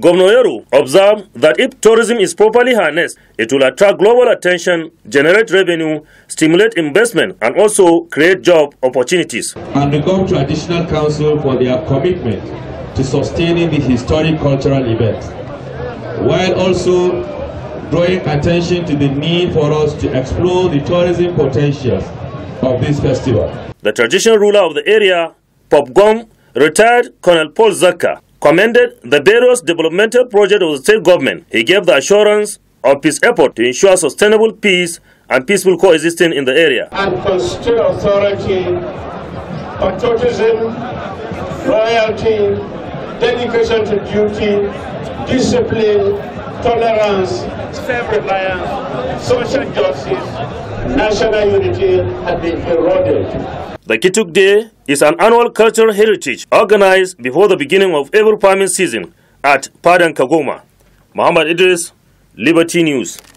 Governor Yeru observed that if tourism is properly harnessed, it will attract global attention, generate revenue, stimulate investment, and also create job opportunities. And regard traditional council for their commitment to sustaining the historic cultural event, while also drawing attention to the need for us to explore the tourism potentials of this festival. The traditional ruler of the area, Popgom, retired Colonel Paul Zaka, commended the various developmental projects of the state government. He gave the assurance of peace effort to ensure sustainable peace and peaceful coexistence in the area. And state authority, patriotism, loyalty, dedication to duty, discipline, tolerance, self-reliance, social justice, national unity had been eroded. The Kituk Day is an annual cultural heritage organized before the beginning of every farming season at Padang Kagoma. Muhammad Idris, Liberty News.